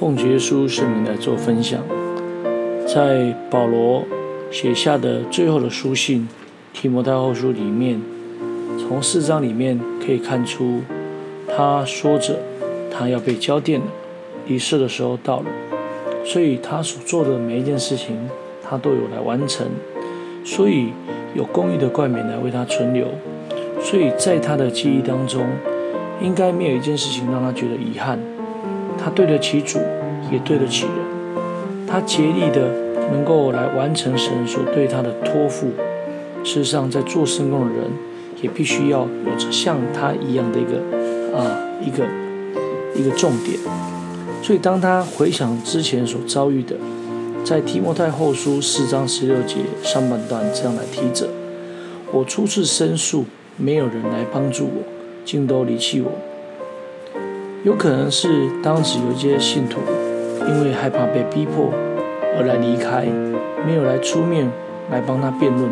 奉節書，聖名來做分享。在保羅寫下的最後的書信《提摩太後書》裡面，從四章裡面可以看出，他說着，他要被澆奠了，離世的時候到了。所以他所做的每一件事情，他都有來完成。所以有公義的冠冕來為他存留。所以在他的記憶當中，應該沒有一件事情讓他覺得遺憾。他對得起主，也對得起人。他竭力的能夠來完成神所對他的托付。事實上，在做神工的人，也必須要有着像他一樣的一個啊，一個一個重點。所以，當他回想之前所遭遇的，在提摩太後書四章十六節上半段這樣來提着，我初次申訴，沒有人來幫助我，竟都離棄我。有可能是當時有一些信徒因為害怕被逼迫而來離開，沒有來出面來幫他辯論。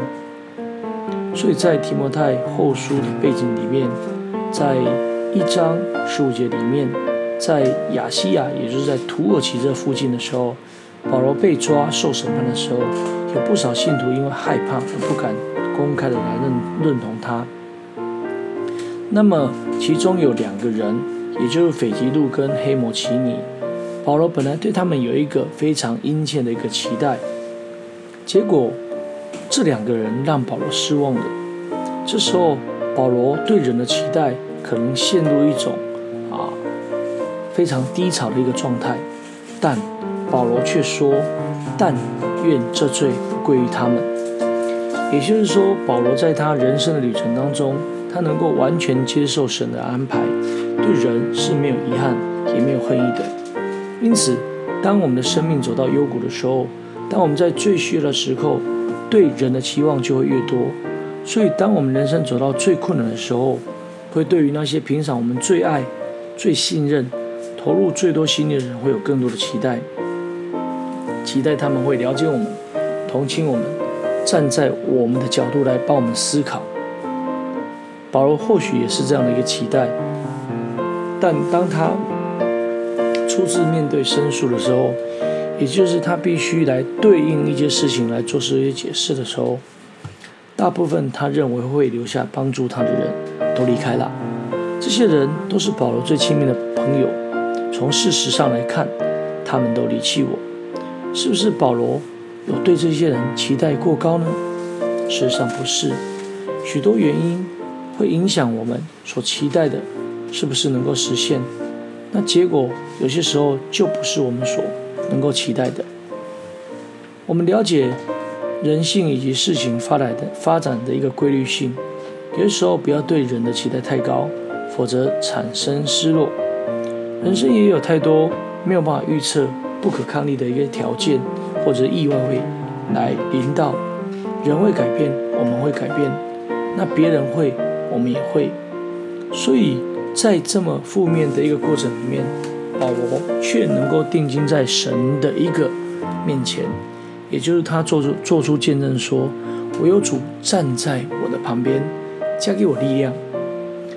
所以在提摩太後書的背景裡面，在一章十五節裡面，在亞西亞，也就是在土耳其這附近的時候，保羅被抓受審判的時候，有不少信徒因為害怕而不敢公開的來認認同他。那麼其中有兩個人。也就是腓吉路跟黑摩其尼，保羅本來對他們有一個非常殷切的一個期待，結果這兩個人讓保羅失望了。這時候保羅對人的期待可能陷入一種啊非常低潮的一個狀態，但保羅卻說：“但願這罪不歸於他們。”也就是說，保羅在他人生的旅程當中。他能夠完全接受神的安排，對人是沒有遺憾，也沒有恨意的。因此，當我們的生命走到幽谷的時候，當我們在最需要的時候，對人的期望就會越多。所以，當我們人生走到最困難的時候，會對於那些平常我們最愛、最信任、投入最多心力的人，會有更多的期待，期待他們會了解我們、同情我們，站在我們的角度來幫我們思考。保羅或許也是這樣的一個期待，但當他初次面對申訴的時候，也就是他必須來對應一些事情來做一些解釋的時候，大部分他認為會留下幫助他的人都離開了。這些人都是保羅最親密的朋友。從事實上來看，他們都離棄我。是不是保羅有對這些人期待過高呢？事實上不是，許多原因，會影響我們所期待的，是不是能夠實現？那結果有些時候就不是我們所能夠期待的。我們了解人性以及事情發展的發展的一個規律性，有些時候不要對人的期待太高，否則產生失落。人生也有太多沒有辦法預測、不可抗力的一個條件或者意外會來臨到，人會改變，我們會改變，那別人會。我們也會，所以在這麼負面的一個過程裡面，保羅卻能夠定睛在神的一個面前，也就是他做出做出見證，說，我有主站在我的旁邊，加給我力量。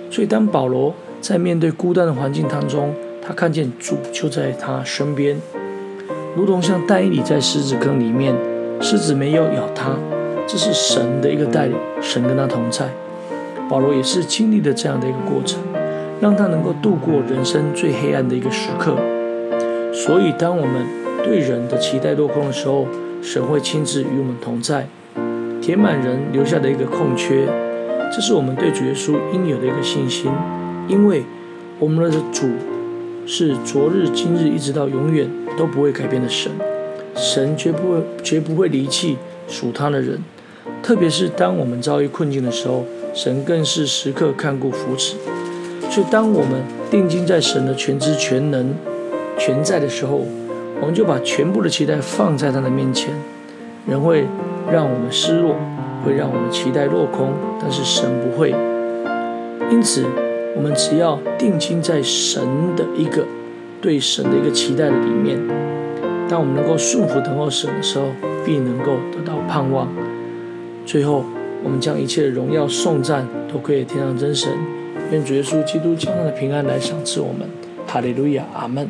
所以當保羅在面對孤單的環境當中，他看見主就在他身邊，如同像但以理在獅子坑裡面，獅子沒有咬他，這是神的一個帶領，神跟他同在。保羅也是經歷了這樣的一個過程，讓他能夠度過人生最黑暗的一個時刻。所以，當我們對人的期待落空的時候，神會親自與我們同在，填滿人留下的一個空缺。這是我們對主耶穌應有的一個信心，因為我們的主是昨日、今日一直到永遠都不會改變的神。神絕不會絕不會離棄屬他的人，特別是當我們遭遇困境的時候。神更是時刻看顧扶持，所以當我們定睛在神的全知全能、全在的時候，我們就把全部的期待放在他的面前。人會讓我們失落，會讓我們期待落空，但是神不會。因此，我們只要定睛在神的一個對神的一個期待的裡面，當我們能夠順服等候神的時候，必能夠得到盼望。最後。我們將一切的榮耀頌讚都歸給天上真神，願主耶穌基督將他的平安來賞賜我們。哈利路亞，阿門。